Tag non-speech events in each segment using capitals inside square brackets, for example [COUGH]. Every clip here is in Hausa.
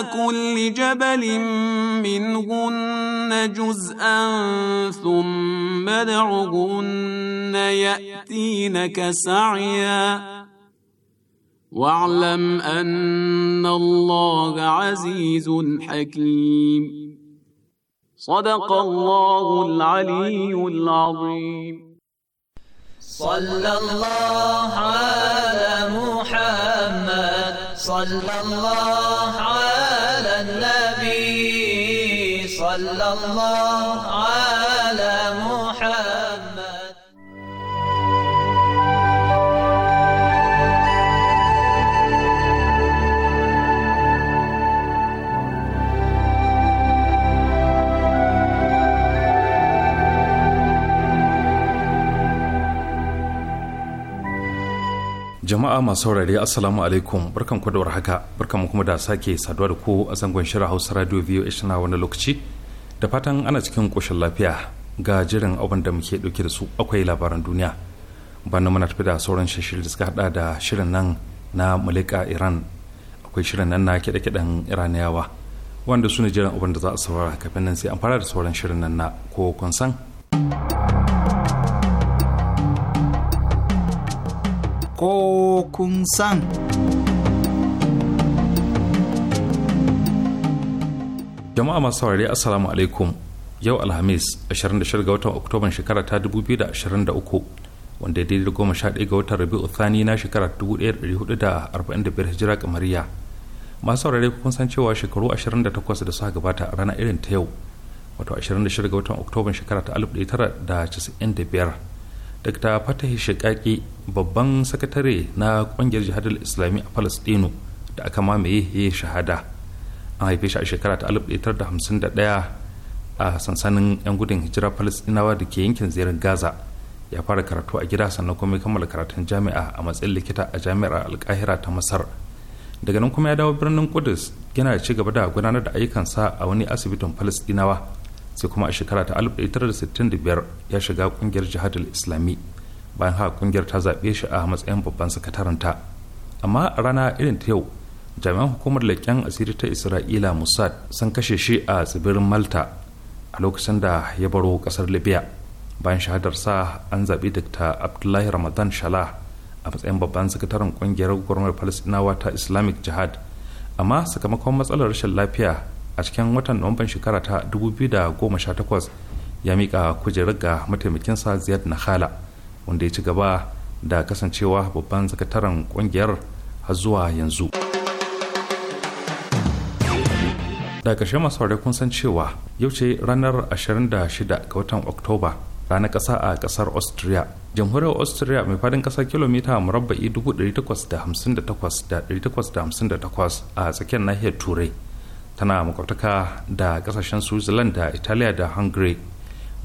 على كل جبل منهن جزءا ثم ادعهن يأتينك سعيا واعلم أن الله عزيز حكيم صدق الله العلي العظيم صلى الله على محمد صلى الله على صلى الله على jama'a masu saurare assalamu alaikum barkan ku da warhaka barkan kuma da sake saduwa da ku a zangon shirin hausa radio voh na wani lokaci da fatan ana cikin ƙoshin lafiya ga jiran abin da muke ɗauke da su akwai labaran duniya bana muna tafi da sauran shirin da suka hada da shirin nan na malika iran akwai shirin nan na kiɗe-kiɗen iraniyawa wanda su ne jiran abin da za a saurara kafin nan sai an fara da sauran shirin nan na ko kun san ko kun san jama'a masu saurari assalamu alaikum yau alhamis 26 ga watan oktoban shekara ta 2023 wanda daidai da goma sha ɗaya ga watan rabi'u thani na shekara 1445 hijira kamariya masu saurari kun san cewa shekaru 28 da suka gabata a ranar irin ta yau wato 26 ga watan oktoban shekara ta 1995 dr fatahi shekaki babban sakatare na kungiyar jihadar islami a palestino da aka mamaye ya shahada an haife shi a shekara ta 1951 a sansanin 'yan gudun hijira palestinawa da ke yankin zirin gaza ya fara karatu a gida sannan kuma ya kammala karatun jami'a a matsayin likita a jami'ar alkahira ta masar daga nan kuma ya dawo birnin kudus yana ci gaba da gudanar da ayyukansa a wani asibitin palestinawa sai kuma a shekara ta 1965 ya shiga kungiyar jihadul islami bayan haka kungiyar ta zaɓe shi a matsayin babban sakataranta amma a rana irin ta yau jami'an hukumar leƙen asiri ta isra'ila mossad sun kashe shi a tsibirin malta a lokacin da ya baro ƙasar libya bayan shahadar sa an zaɓi dr abdullahi ramadan shalah a matsayin babban sakataren ƙungiyar gwamnatin falasɗinawa ta islamic jihad amma sakamakon matsalar rashin lafiya a cikin watan nuwamban shekara ta 2018 ya mika kujerar ga mataimakin mataimakinsa ziyad khala wanda ya ci gaba da kasancewa babban sakataren ƙungiyar har zuwa yanzu. da ƙarshe masu haure kun san cewa yau ce ranar 26 ga watan oktoba ranar ƙasa a ƙasar austria jamhuriyar austria mai fadin ƙasar kilomita murabba'i 858,858 a tsakiyar nahiyar turai tana makwabtaka da ƙasashen switzerland da italiya da hungary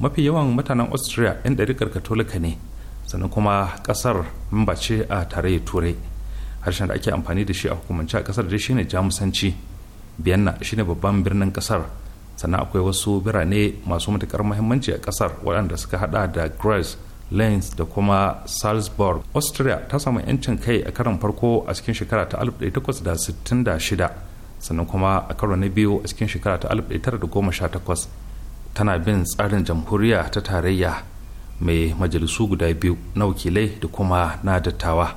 mafi yawan mutanen austria 'yan ɗarikar katolika ne sannan kuma ƙasar mamba ce a tarayyar turai harshen da ake amfani da shi a hukumance a ƙasar da shine jamusanci vienna shine babban birnin kasar sannan akwai wasu birane masu matukar muhimmanci a kasar waɗanda suka hada da grace Lens da kuma Salzburg. Austria ta samu 'yancin kai a karon farko a cikin shekara ta 1866 sannan kuma a karo na biyu a cikin shekara ta 1918 tana bin tsarin jamhuriya ta tarayya mai majalisu guda biyu na wakilai da kuma na dattawa.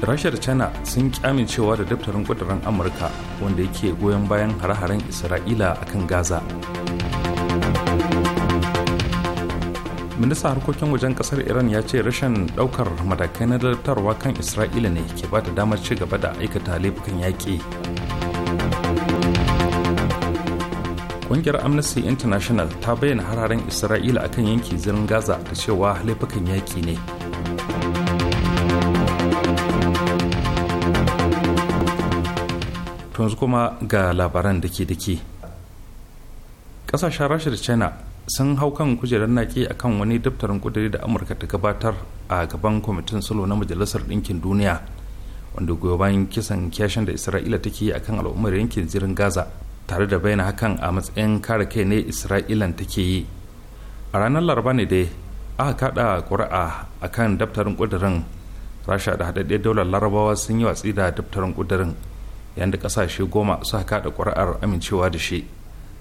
rasha da china sun amincewa da daftarin kudurin amurka wanda yake goyon bayan hare-haren isra'ila a kan gaza ministan harkokin wajen kasar iran ya ce rashin ɗaukar matakai na daftarwa kan isra'ila ne ke ba da damar ci gaba da aikata laifukan yaƙi ƙungiyar amnesty international ta bayyana hararen isra'ila akan yanki zirin gaza da cewa laifukan yaƙi ne to yanzu kuma ga labaran da ke dake ƙasashen rasha da china sun hau kan kujerar naki a kan wani daftarin kudiri da amurka ta gabatar a gaban kwamitin salo na majalisar ɗinkin duniya wanda goyon bayan kisan kyashin da isra'ila take yi a kan al'ummar yankin zirin gaza tare da bayyana hakan a matsayin kare kai ne isra'ilan take yi a ranar laraba ne dai aka kada ƙuri'a kan daftarin kudirin rasha da haɗaɗɗiyar daular larabawa sun yi watsi da daftarin kudirin yadda kasashe goma suka kada kuri'ar amincewa da shi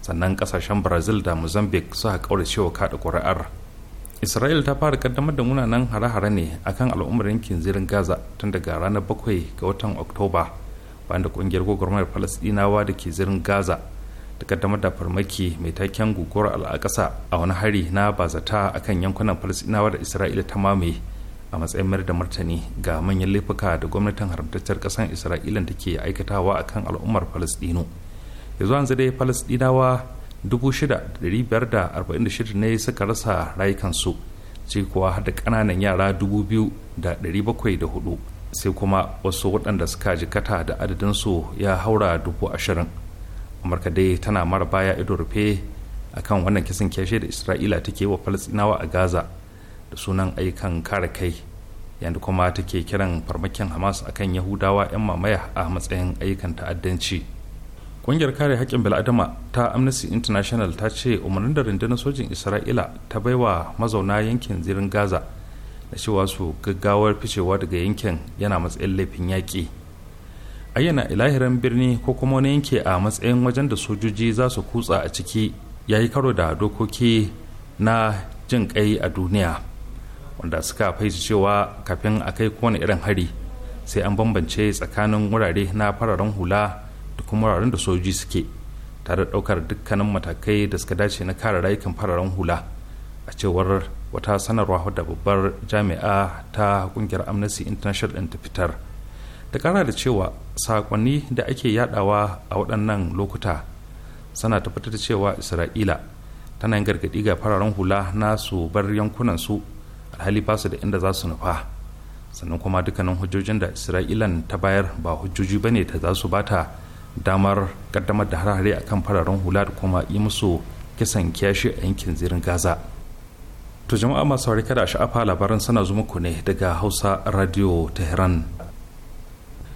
sannan kasashen brazil da mozambique suka cewa kada kuri'ar isra'il ta fara kaddamar da munanan hare-hare ne akan al'ummar yankin zirin gaza tun daga ranar bakwai ga watan oktoba bayan da kungiyar gwagwarmar falasdinawa da ke zirin gaza ta kaddamar da farmaki mai taken guguwar al'akasa a wani hari na bazata akan yankunan falasdinawa da isra'ila ta mamaye a matsayin mayar da martani ga manyan laifuka da gwamnatin haramtaccen ƙasar isra'ila da ke aikatawa a kan al'ummar falastino yanzu an dai falasdinawa 6,546 ne suka rasa rayukansu ce kuwa da kananan yara 2,704 sai kuma wasu waɗanda suka jikata da adadinsu ya haura dubu ashirin amurka dai tana mara baya ido rufe akan wannan kisan kyashe da isra'ila take wa falasdinawa a gaza da sunan ayyukan kare kai yadda kuma take kiran farmakin hamas a kan yahudawa 'yan mamaya a matsayin ayyukan ta'addanci ƙungiyar kare haƙƙin bil'adama ta amnesty international ta ce umarnin da rundunar sojin isra'ila ta baiwa mazauna yankin zirin gaza da cewa su gaggawar ficewa daga yankin yana matsayin laifin yaƙi ayyana ilahiran birni ko kuma wani yanke a matsayin wajen da sojoji za su kutsa a ciki ya yi karo da dokoki na jin kai a duniya wanda suka fai su cewa kafin a kai kowane irin hari sai an bambance tsakanin wurare na fararen hula da kuma wuraren da sojoji suke tare da ɗaukar dukkanin matakai da suka dace na kare rayukan fararen hula a cewar wata sanarwa da babbar jami'a ta kungiyar amnesty international ɗin ta fitar ta kara da cewa sakonni da ake yadawa a waɗannan lokuta sana tabbatar da cewa isra'ila tana gargaɗi ga fararen hula na su bar su alhali ba su da inda za su nufa sannan kuma dukkanin hujjojin da isra'ilan ta bayar ba hujjoji ba ne ta za su bata damar kaddamar da harare a kan fararen hula da kuma yi musu kisan kiyashi a yankin zirin gaza to jama'a masu saurari kada sha'afa labaran sana zuma ku ne daga hausa radio tehran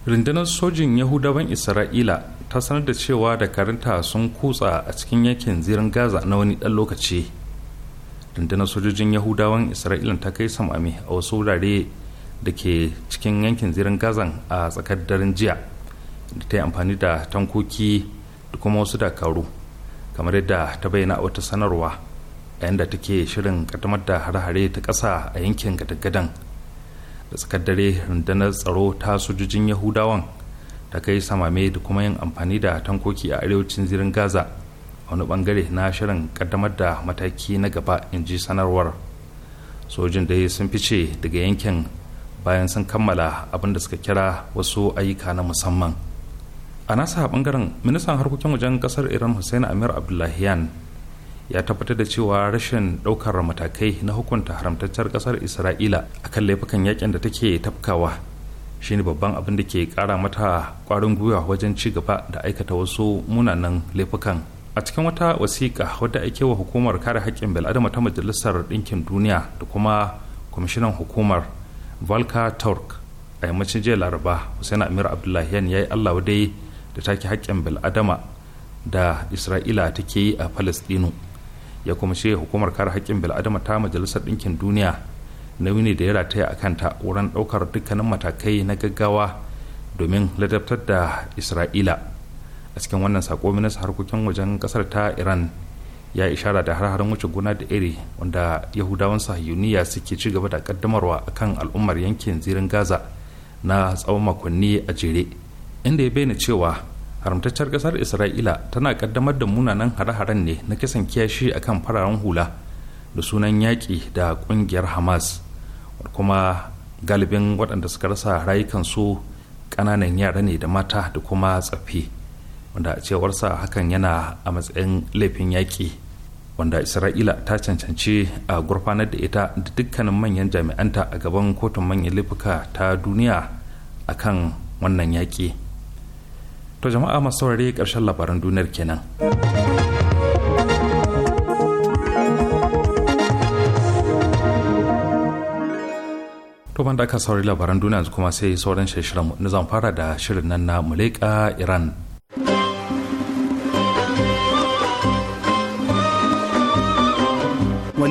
rundunar sojin yahudawan isra'ila ta sanar da cewa da karinta sun kutsa a cikin yankin zirin gaza na wani dan lokaci dundunar sojojin yahudawan isra'ilan ta kai samami a wasu wurare da ke cikin yankin zirin gazan a tsakar daren jiya da ta yi amfani da tankoki da kuma wasu dakaru kamar yadda ta bayyana a wata sanarwa yayin da take shirin kaddamar da hare-hare ta ƙasa a yankin gadagadan da tsakar dare rundunar tsaro ta sojojin yahudawan ta kai samame da kuma yin amfani da tankoki a arewacin zirin gaza wani bangare na shirin kaddamar da mataki na gaba in ji sanarwar sojin dai sun fice daga yankin bayan sun kammala abin da suka kira wasu ayyuka na musamman a nasa bangaren ministan harkokin wajen kasar iran hussein amir abdullahian ya tabbatar da cewa rashin ɗaukar matakai na hukunta haramtaccen kasar isra'ila kan laifukan yakin da take tafkawa shine babban abin da ke kara mata kwarin gwiwa wajen ci gaba da aikata wasu munanan laifukan a cikin wata wasiƙa wadda ake wa hukumar kare haƙƙin bil'adama ta majalisar ɗinkin duniya da kuma kwamishinan hukumar valka turk a yammacin jiya laraba hussein amir abdullahian ya yi allah dai da take haƙƙin bil'adama da isra'ila take yi a palestinu ya kuma ce hukumar kare haƙƙin bil'adama ta majalisar ɗinkin duniya nauyi ne da ya rataya a kanta wurin ɗaukar dukkanin matakai na gaggawa domin ladabtar da isra'ila a cikin wannan sako minista harkokin wajen kasar ta iran ya ishara da har harin wuce gona da iri wanda yahudawan sahiyuniya suke ci gaba da kaddamarwa akan al'ummar yankin zirin gaza na tsawon makonni a jere inda ya bayyana cewa haramtaccen kasar isra'ila tana kaddamar da munanan hare-haren ne na kisan kiyashi akan fararen hula da sunan yaƙi da ƙungiyar hamas kuma galibin waɗanda suka rasa rayukansu ƙananan yara ne da mata da kuma tsaffi wanda a cewarsa hakan yana a matsayin laifin yaƙi wanda isra'ila ta cancanci a gurfanar da ita da dukkanin manyan jami'anta a gaban kotun manyan laifuka ta duniya a kan wannan yaƙi to jama'a masu saurare ƙarshen labaran duniyar kenan to ban da aka saurari labaran duniya kuma sai sauran shirin na zan fara da shirin nan na muleka iran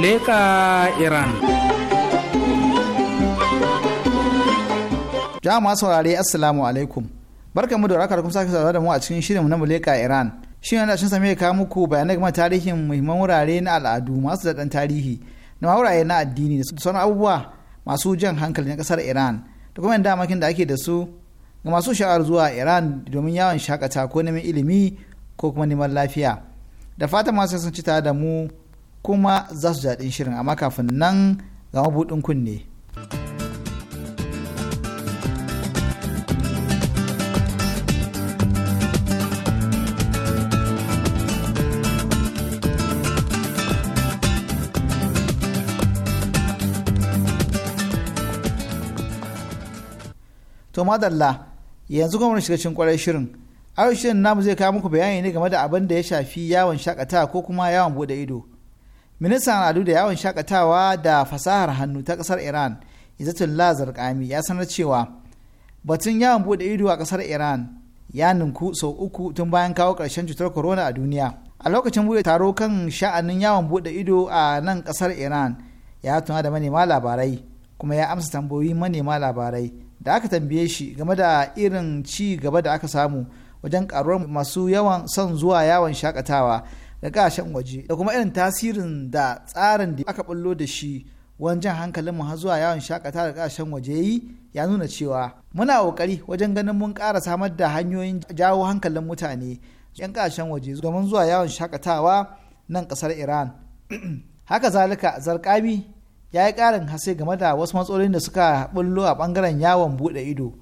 muleka iran jama'a saurare assalamu alaikum barka mu da rakar kuma sake saurare da mu a cikin shirin na muleka iran shi yana shin same ka muku bayanai game tarihin muhimman wurare na al'adu masu daɗan tarihi na wurare na addini da sauran abubuwa masu jan hankali na kasar iran da kuma damakin da ake da su ga masu sha'ar zuwa iran domin yawon shakata ko neman ilimi ko kuma neman lafiya da fata masu kasance tare da mu kuma za su jaɗin shirin amma kafin nan ga mabuɗin kunne. To madalla yanzu kuma shiga cikin kwarai shirin. a shirin namu zai kawo muku bayani ne game da abin da ya shafi yawon shakatawa ko kuma yawon bude ido. ministan al'adu da yawon shakatawa da fasahar hannu ta kasar iran izzatullah Zarqami ya sanar cewa batun yawon bude ido a kasar iran ya ninku sau uku tun bayan kawo ƙarshen cutar corona a duniya a lokacin bude taro kan sha'anin yawon bude ido a nan kasar iran ya tuna da manema labarai kuma ya amsa tambayoyi manema labarai da aka tambaye shi game da irin ci gaba da aka samu wajen karuwar masu yawan son zuwa yawon shakatawa da gashen waje da kuma irin tasirin da tsarin da aka bullo da shi wajen hankalin mu har zuwa yawon shakata da gashen waje yi ya nuna cewa muna kokari wajen ganin mun ƙara samar da hanyoyin jawo hankalin mutane yan kashen waje domin zuwa yawon shakatawa nan ƙasar iran [CLEARS THROAT] haka zalika zarkabi ya yi ƙarin hase game da wasu matsalolin da suka bullo a ɓangaren yawon buɗe ido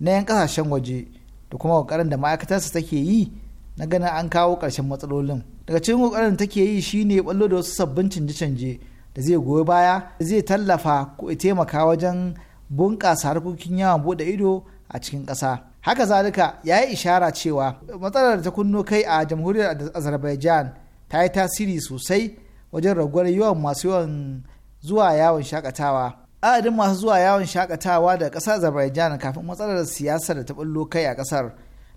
na 'yan ƙasashen waje da kuma ƙoƙarin da ma'aikatarsa take yi na ganin an kawo ƙarshen matsalolin daga cikin kokarin da take yi shine ballo da wasu sabbin canje-canje da zai goyi baya da zai tallafa ko taimaka wajen bunƙasa harkokin yawon bude ido a cikin ƙasa haka zalika ya yi ishara cewa matsalar da ta kunno kai a jamhuriyar azerbaijan ta yi tasiri sosai wajen raguwar yawan masu yawan zuwa yawon shakatawa adadin masu zuwa yawon shakatawa da ƙasar azerbaijan kafin matsalar siyasar da ta ballo kai a ƙasar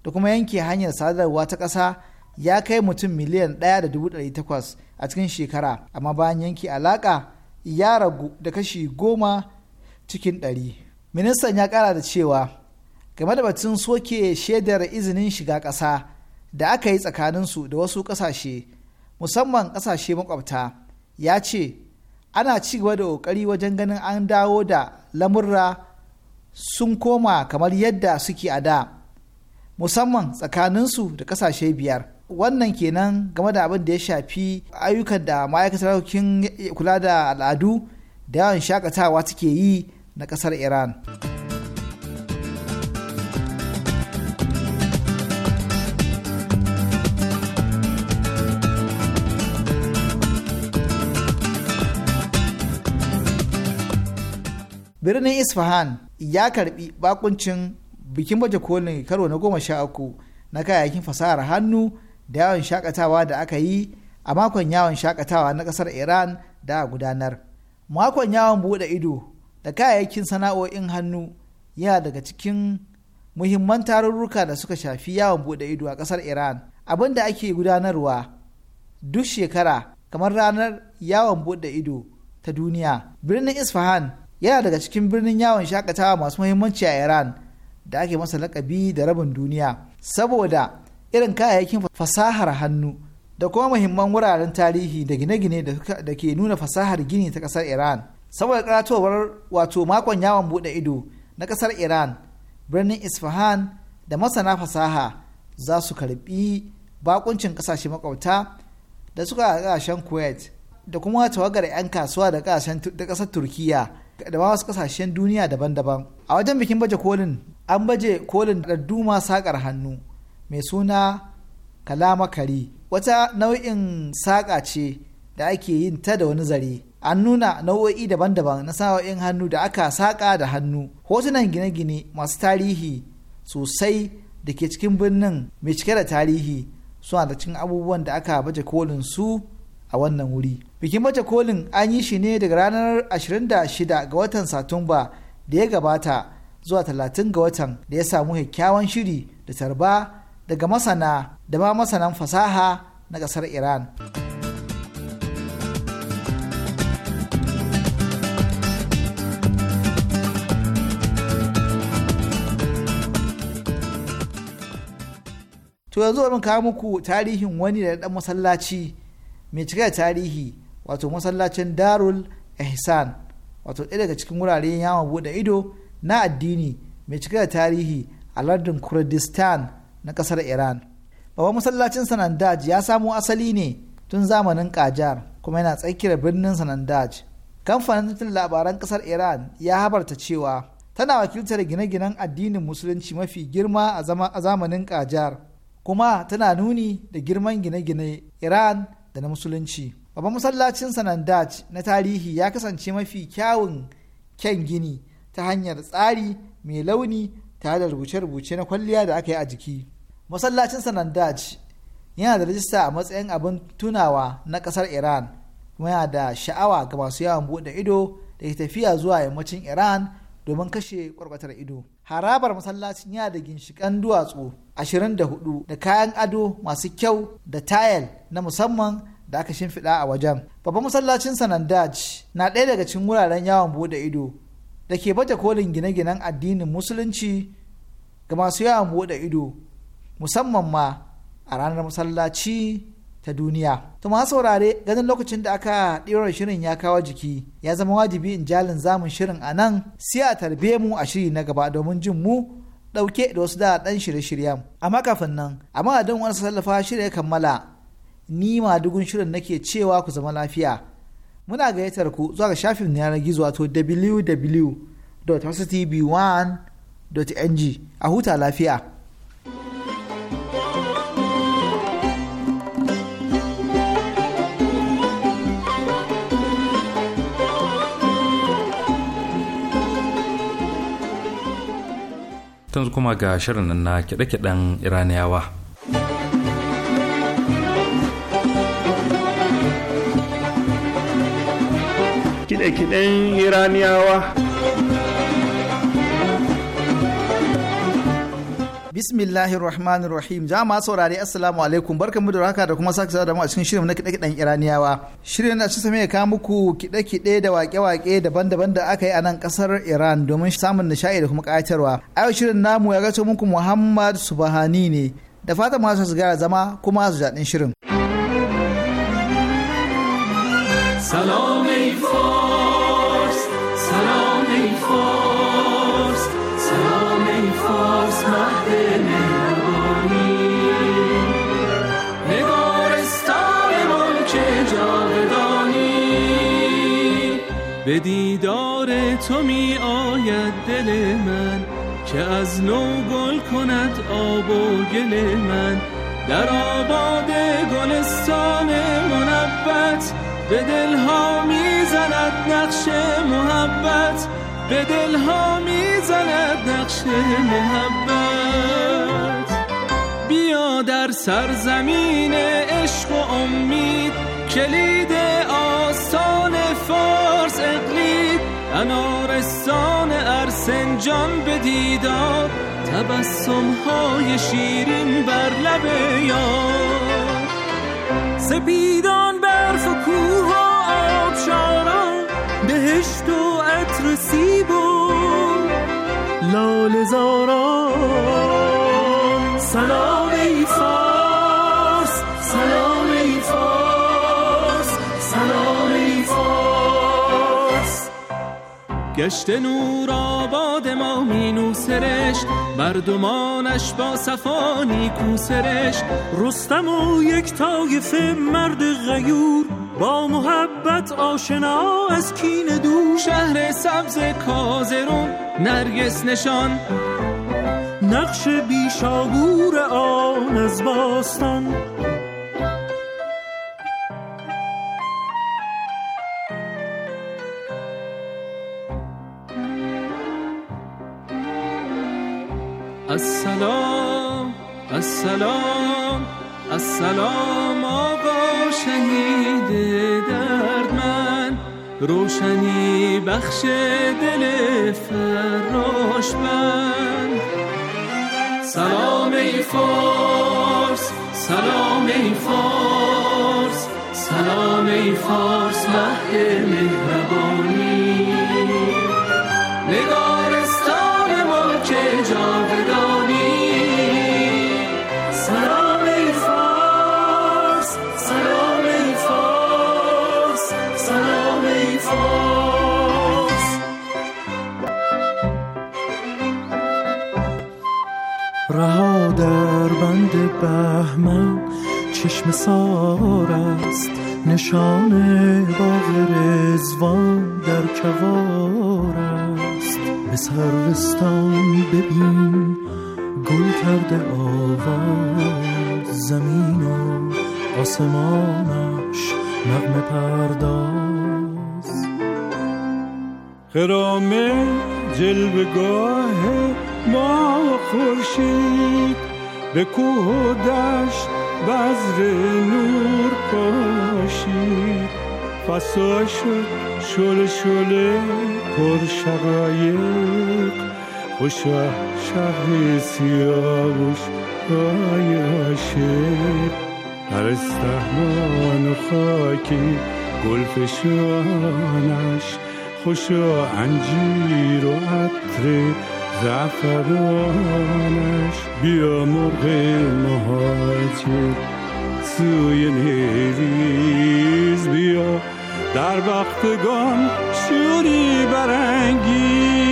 da kuma yanke hanyar sadarwa ta ƙasa ya kai mutum miliyan 1.8 a cikin shekara amma bayan yanke alaƙa ya ragu da kashi goma cikin ɗari. ministan ya ƙara da cewa game da batun soke shaidar izinin shiga ƙasa da aka yi tsakaninsu da wasu ƙasashe musamman ƙasashe makwabta ya ce ana ci gaba da ƙoƙari wajen ganin an dawo da lamurra sun koma kamar yadda suke a da musamman tsakaninsu da ƙasashe biyar wannan kenan game da abin da ya shafi ayyukan da ma'aikatar harkokin kula da al'adu da yawan shakatawa take yi na kasar iran birnin isfahan ya karbi bakuncin bikin baje kolin karo na goma sha uku na kayayyakin fasahar hannu da yawon shakatawa da aka yi a makon yawon shakatawa na kasar iran da a gudanar makon yawon bude ido da kayayyakin sana'o'in hannu yana daga cikin muhimman tarurruka da suka shafi yawon bude ido a kasar iran abin da ake gudanarwa duk shekara kamar ranar yawon bude ido ta duniya birnin isfahan yana daga cikin birnin yawon shakatawa masu muhimmanci a iran da ake masa lakabi da rabin duniya saboda irin kayayyakin fasahar hannu da kuma muhimman wuraren tarihi da gine-gine da ke nuna fasahar gini ta kasar iran saboda karatowar wato makon yawon bude ido na kasar iran birnin isfahan da masana fasaha za su karbi bakuncin kasashe makwabta da suka kasashen kuwait da kuma tawagar 'yan kasuwa da kasar turkiya da ma wasu kasashen duniya daban-daban a wajen bikin baje kolin an baje kolin da duma sakar hannu mai suna kalamakari wata nau'in saƙa ce da ake yin ta da wani zare an nuna nau'o'i daban-daban na sa'o'in hannu da aka saƙa da hannu hotunan gine-gine masu tarihi sosai da ke cikin birnin mai cike da tarihi suna da cikin abubuwan da aka baje kolin su a wannan wuri bikin baje kolin an yi shi ne daga ranar 26 ga watan satumba da ya gabata zuwa 30 ga watan da ya samu kyakkyawan shiri da tarba daga masana da ma masanan fasaha na ƙasar Iran. To yanzu bari kawo muku tarihin wani da ɗan masallaci mai cike da tarihi wato masallacin Darul Ihsan wato ɗaya daga cikin wuraren yawon buɗe ido na addini mai cike da tarihi a lardin Kurdistan na ƙasar iran babban masallacin sanandaj ya samo asali ne tun zamanin kajar kuma yana tsakiyar birnin sanandaj kamfanin tattun labaran kasar iran ya habarta cewa tana wakiltar gine-ginen addinin musulunci mafi girma a zamanin kajar kuma tana nuni da girman gine-gine iran da na musulunci babban masallacin sanandaj na tarihi ya kasance mafi kyawun kyan gini ta hanyar tsari mai launi tare da rubuce-rubuce na kwalliya da aka yi a jiki masallacin sanandaj yana da rajista a matsayin abin tunawa na kasar iran kuma yana da sha'awa ga masu yawon bude ido da ke tafiya zuwa yammacin iran domin kashe kwarkwatar ido harabar masallacin yana da ginshikan duwatsu 24 da kayan ado masu kyau da tayal na musamman da aka shimfiɗa a wajen babban masallacin sanandaj na ɗaya daga cikin wuraren yawon bude ido da ke baje kolin gine-ginen addinin musulunci ga masu yawon bude ido musamman ma a ranar masallaci ta duniya. To masu saurare ganin lokacin da aka ɗirar shirin ya kawo jiki ya zama wajibi in jalin zamun shirin a nan sai a tarbe mu a shiri na gaba domin jin mu ɗauke da wasu da ɗan shirye-shiryen. Amma kafin nan, a don wani sallafa shirin ya kammala ni ma dugun shirin nake cewa ku zama lafiya. Muna gayyatar ku zuwa ga shafin yanar gizo wato www.hostv1.ng a huta lafiya. tanzu kuma ga shirin nan na kiɗe-kiɗen iraniyawa kiɗe-kiɗen iraniyawa Bismillahirrahmanirrahim. Jama'a saurari Assalamu alaikum. mu da raka da kuma sake da mu a cikin shirin na kiɗe-kiɗen Iraniyawa. Shirin na cikin ya ka muku kiɗe-kiɗe da wake waƙe daban-daban da aka yi a nan ƙasar Iran domin samun nishaɗi da kuma ƙayatarwa. A yau shirin namu ya gaco muku Muhammad Subhani ne. Da fatan masu su gara zama kuma su jaɗin shirin. Salam. دیدار تو می آید دل من که از نو گل کند آب و گل من در آباد گلستان منبت به دلها زند نقش محبت به دلها زند نقش محبت بیا در سرزمین عشق و امید کلید انارستان ارسنجان به دیدار تبسم های شیرین بر لب یا سپیدان برف و کوه و آبشارا بهشت و عطر سیب و لال گشت نور آباد ما مینو سرشت مردمانش با صفانی نیکو سرشت رستم و یک تایفه مرد غیور با محبت آشنا از کین دو شهر سبز کازرون نرگس نشان نقش بیشاگور آن از باستان السلام السلام آقا شهید درد من روشنی بخش دل فراش من سلام ای فارس سلام ای فارس سلام ای فارس مهد مهربانی نگارستان ملک جان بند بهمن چشم سار است نشان باغ رزوان در کوار است به سروستان ببین گل کرده آواز زمین و آسمانش نغمه پرداز خرام جلوگاه ما خورشید به کوه و دشت بذر نور پاشید فساش شل شل پر شقایق خوشه شهر سیاوش رای عاشق هر استهمان و خاکی گل فشانش و انجیر و عطر زفرانش بیا مرغ مهاجر سوی نیریز بیا در وقتگان شوری برانگیز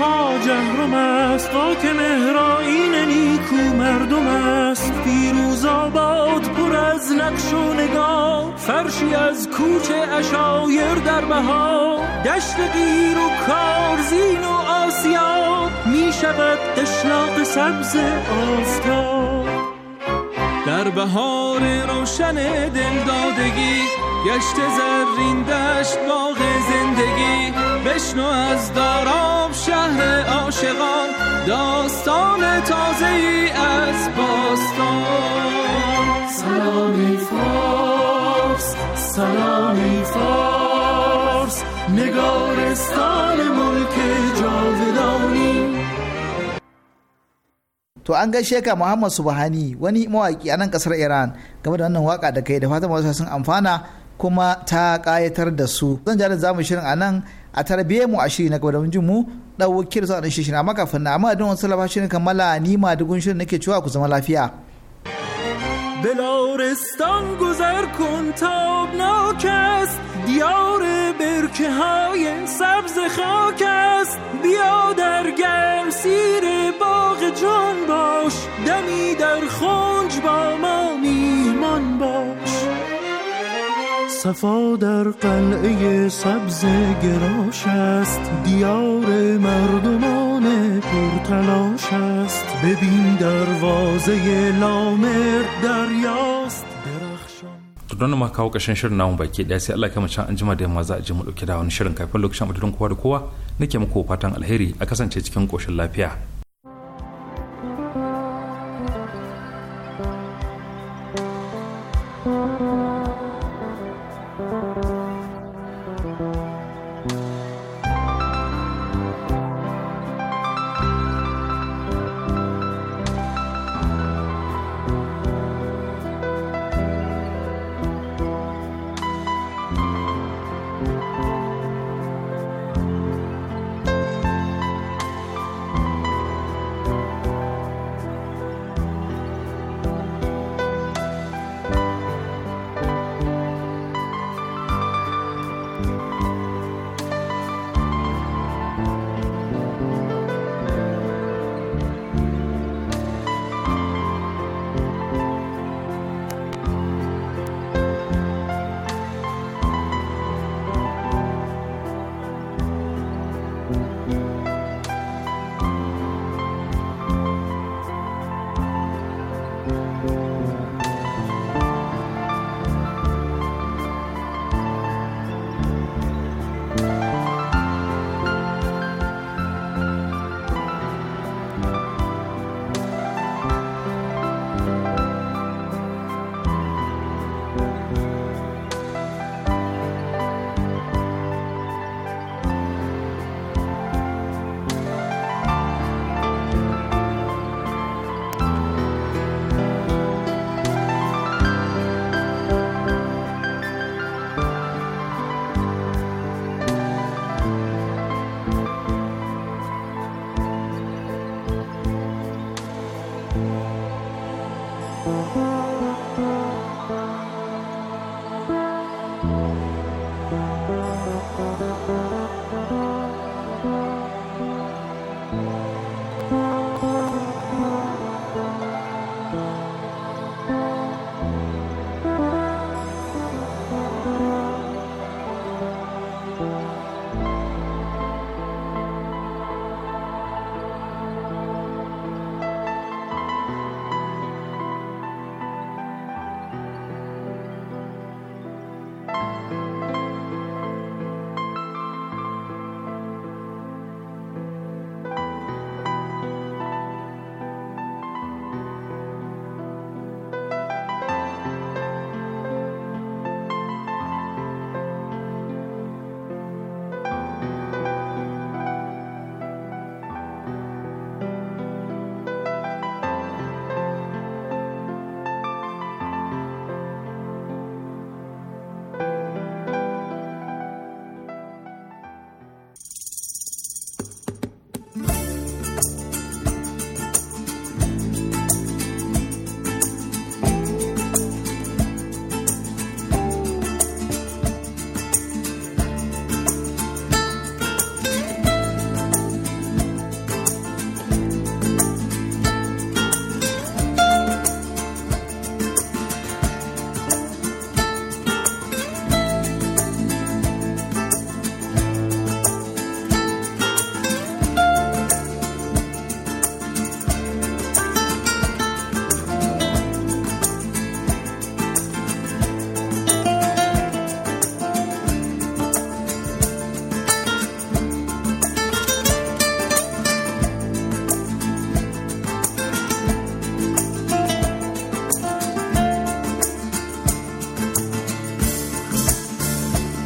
ها جهرم است خاک مهرائین نیکو مردم است پیروز آباد پر از نقش و نگاه فرشی از کوچه اشایر در بها دشت قیر و کارزین و آسیا می شود قشلاق سبز آستا در بهار روشن دلدادگی گشت زرین دشت باغ زندگی بشنو از داراب شهر عاشقان داستان تازه ای از باستان سلامی فارس سلامی فارس نگارستان ملک جاودانی to an ga sheka Muhammad Subhani wani mawaki a nan kasar Iran game da wannan waka da kai da fatan masu sun amfana kuma ta kayatar da su zan jarin zamu shirin a nan a tarbiyyar mu ashiri na gaba da mu ɗauki da zuwa shirin amma kafin na amma don wasu labar shirin kammala ni ma dugun shirin nake cewa ku zama lafiya. بلارستان گذر کن تابناک است دیار برکه های سبز خاک است بیا در گرم سیر باغ جان باش دمی در خنج با صفا در قلعه سبز گراش است دیار مردمان پرتلاش است ببین دروازه لامر دریاست to ma kawo kashin shirin namun baki ɗaya sai Allah kama can an da maza ji je mu ɗauki da wani shirin kafin lokacin mutum kowa da kowa nake muku fatan alheri a kasance cikin koshin lafiya